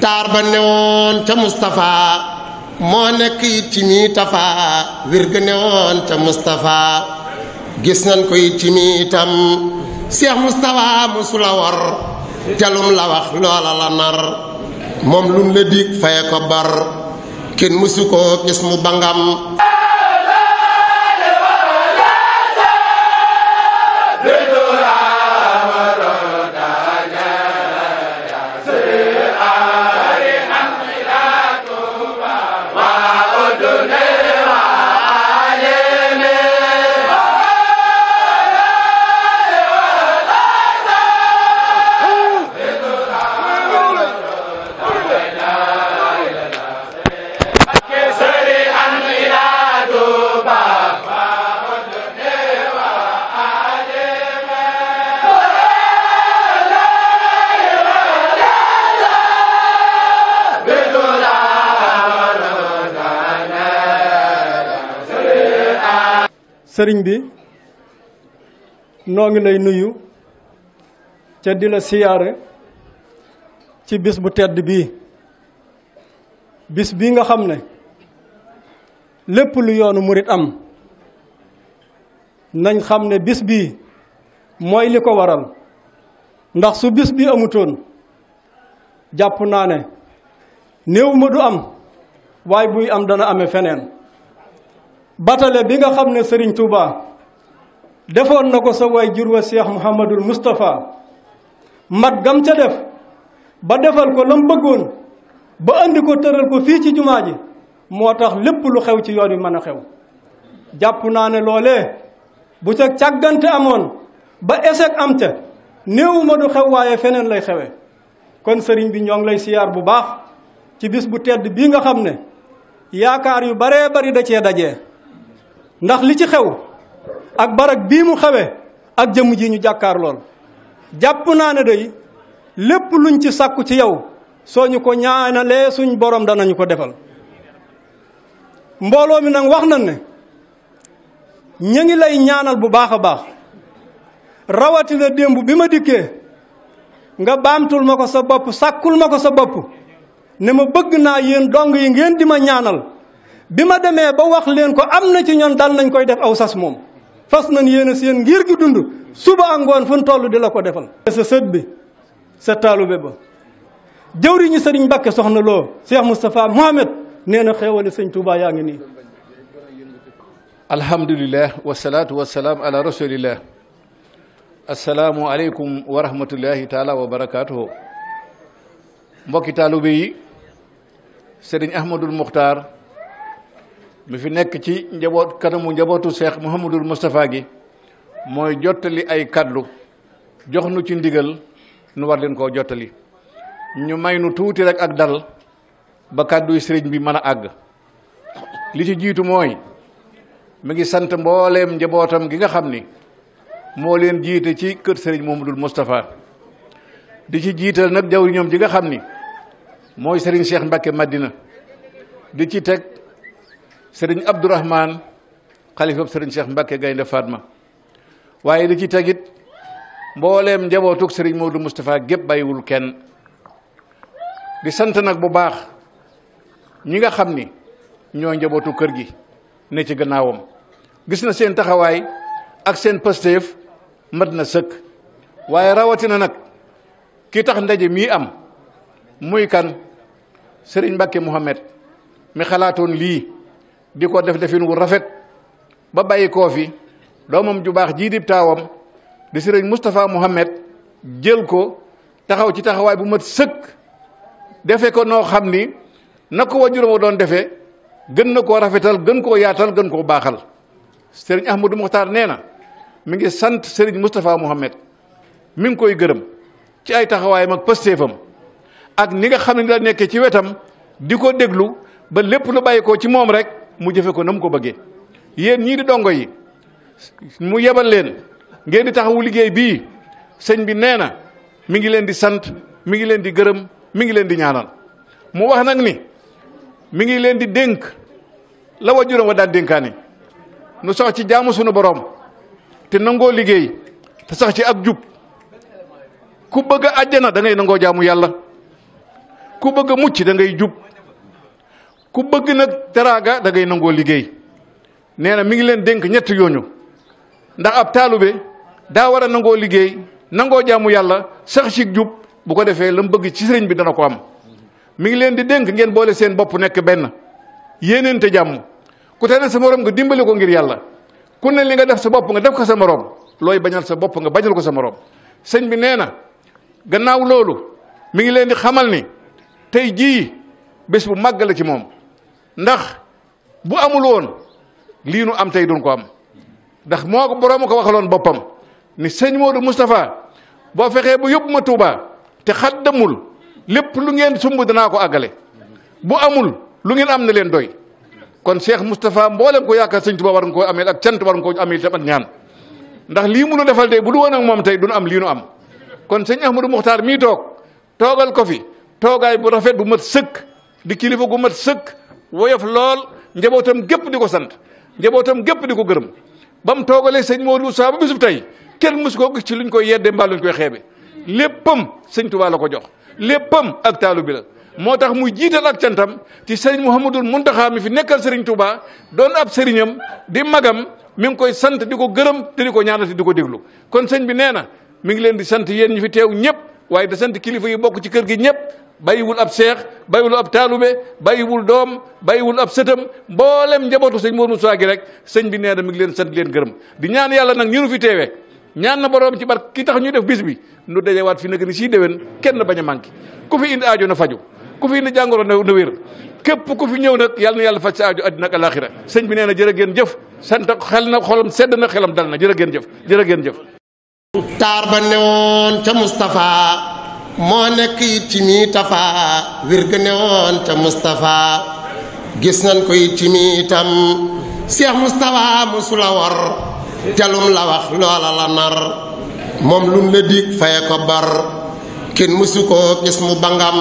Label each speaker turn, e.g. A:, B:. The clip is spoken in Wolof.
A: taar ba newoon ca Mustapha moo nekk it ci mi tafa wér ga newoon ca Mustapha gis nañ ko it ci mi itam Seex Mustapha musula war jalum la wax loola la nar moom lum la dig faye ko bar kenn musu ko gis mu bangam sëriñ bi noo ngi lay nuyu ca di la siyaare ci bis bu tedd bii bis bii nga xam ne lépp lu yoonu murit am nañ xam ne bis bii mooy li ko waral ndax su bis bi amutoon jàpp naa ne néew ma du am waaye buy am dana ame feneen batale bi nga xam ne Serigne Touba defoon na ko sa way jur wa Cheikh Mouhamadul Moustapha mat gam ca def ba defal ko lam bëggoon ba andi ko tëral ko fii ci jumaa ji moo tax lépp lu xew ci yoon wi mën a xew jàpp naa ne loole bu ca càggante amoon ba échec am ca néewu du xew waaye feneen lay xewe kon sëriñ bi ñoo lay siyaar bu baax ci bis bu tedd bii nga xam ne yaakaar yu baree bari da cee daje ndax li ci xew ak barag bii mu xewee ak jëmm ji ñu jàkkaar lool jàpp naa ne day lépp luñ ci sàkku ci yow soo ñu ko ñaanalee suñ borom danañu ko defal mbooloo mi nag wax nañ ne ñu ngi lay ñaanal bu baax a baax rawatina démb bi ma dikkee nga baamtul ma ko sa bopp sàkkul ma ko sa bopp ne ma bëgg naa yéen dong yi ngeen di ma ñaanal bi ma demee ba wax leen ko am na ci ñoon dal nañ koy def aw sas moom fas nañ yéen a seen ngir gi dund suba ak ngoon fu ñu toll di la ko defal sa sët bi sa taalube ba jëwriñu sëriñ Mbàkke soxna loo Cheikh Moustapha Mohamed nee na xeewale sëñ Touba yaa ngi nii
B: alhamdulilah wasalaatu wasalaam ala rasulillah asalaamu aleykum wa rahmatullahi taala wa barakaatuhu mbokki taalube yi sëriñ Ahmadul Muxtaar mi fi nekk ci njaboot kanamu njabootu seex Mouhamadul Moustapha gi mooy jottali ay kàddu jox nu ci ndigal nu war leen koo jottali ñu may nu tuuti rek ak dal ba kadduy sëriñ bi mën a àgg li ci jiitu mooy mu ngi sant mbooleem njabootam gi nga xam ni moo leen jiite ci kër sëriñ Mouhamadul Moustapha di ci jiital nag jawriñam ji nga xam ni mooy sëriñ Cheikh Mbacke Madina di ci teg. sëriñ Abdourahman xalifab sëriñ Cheikh Mbacke Gaynde ma waaye li ci tegit mbooleem njabootug sëriñ Modou Moustapha gépp baywul kenn di sant nag bu baax ñi nga xam ni ñoo njabootu kër gi ne ci gannaawam gis na seen taxawaay ak seen pasteef mat na sëkk waaye rawatina nag ki tax ndaje mii am muy kan sëriñ Mbacke Mouhamed mi xalaatoon lii di ko def defin wu rafet ba bàyyi koo fi doomam ju baax jii dib taawam di sëriñ Moustapha Mouhamed jël ko taxaw ci taxawaay bu mat sëkk defe ko noo xam ni na ko wajuram a doon defee gën na koo rafetal gën koo yaatal gën koo baaxal sëriñ Ahmadou Mokhtar nee na mu ngi sant sëriñ Moustapha Mouhamed mu ngi koy gërëm ci ay taxawaay mag pëstéefam ak ni nga xam ne la nekkee ci wetam di ko déglu ba lépp lu bàyyi ko ci moom rek mu jëfe ko na ko bëggee yéen ñii di dongo yi mu yebal leen ngeen di taxawu liggéey bii sëñ bi nee na mi ngi leen di sant mi ngi leen di gërëm mi ngi leen di ñaanal mu wax nag ni mi ngi leen di dénk la wajuram wa daan dénkaani nu sax ci jaamu sunu borom te nangoo liggéey te sax ci ak jub ku bëgg a àjjana da ngay nangoo jaamu yàlla ku bëgg a mucc dangay jub ku bëgg nag teraanga da ngay nangoo liggéey nee na mi ngi leen dénk ñetti yooñu ndax ab taalube daa war a nangoo liggéey nangoo jaamu yàlla sax ci jub bu ko defee la mu bëgg ci sëriñ bi dana ko am mi ngi leen di dénk ngeen boole seen bopp nekk benn yéeneen te jàmm ku tane sa morom nga dimbali ko ngir yàlla ku ne li nga def sa bopp nga def ko sa moroom looy bañal sa bopp nga bañal ko sa morom sëñ bi nee na gannaaw loolu mi ngi leen di xamal ni tey jii bés màgg la ci moom. ndax bu amul woon lii nu am tey duñ ko am ndax moo ko borom ko waxaloon boppam ni sëñ Modou Moustapha boo fexee bu yóbbu ma Touba te xaddamul lépp lu ngeen sumb danaa ko àggale bu amul lu ngeen am ne leen doy kon Cheikh Moustapha mboolem ko yaakaar sëñ Touba war nga koo ameel ak cant war nga koo ameel tamit ñaan ndax lii mu nu defal tey bu du woon ak moom tey duñ am lii nu am kon sëñ Ahmadou Mokhtar mii toog toogal ko fi toogaay bu rafet bu mat sëkk di kilifa gu mat sëkk. woyof lool njabootam gépp di ko sant njabootam gépp di ko gërëm ba mu toogalee sëñ Modou Sa ba bisub tey kenn mësu koo gis ci luñ koy yedde mbaa luñ koy xeebe léppam sëñ Tuubaa la ko jox léppam ak taalu bi la moo tax muy jiital ak santam ci sëñ sëriñ Mouhamadul Muntaxa mi fi nekkal sëriñ Touba doon ab sëriñam di magam mi ngi koy sant di ko gërëm te di ko ñaanal di ko déglu kon sëñ bi nee na mi ngi leen di sant yéen ñu fi teew ñëpp waaye da sant kilifa yi bokk ci kër gi ñëpp bàyyiwul ab seex bàyyiwul ab taalube bàyyiwul doom bàyyiwul ab sëtam mboolem njabootu sëñ Mor Moussa gi rek sëñ bi nee na mi ngi leen sant leen gërëm di ñaan yàlla nag ñu nu fi teewee ñaan na borom ci bar ki tax ñu def bis bi nu dajewaat fi nag ni sii déwén kenn bañ a manqué ku fi indi aajo na faju ku fi indi jàngoro na wér képp ku fi ñëw nag yàlla na yàlla faj sa aajo àddina ak alaaxira sëñ bi nee na jërë ngeen jëf sant xel na xolam sedd na xelam na jërë ngeen jëf jërë ngeen jëf
A: taar ba newoon ca moo nekk it ci mii tafaa wér gu newoon ca Moustapha gis nañ ko it ci mii itam Cheikh Moustapha mosula war telum la wax loola la nar moom lum la dig faye ko bar kenn mosu koo gis mu bangam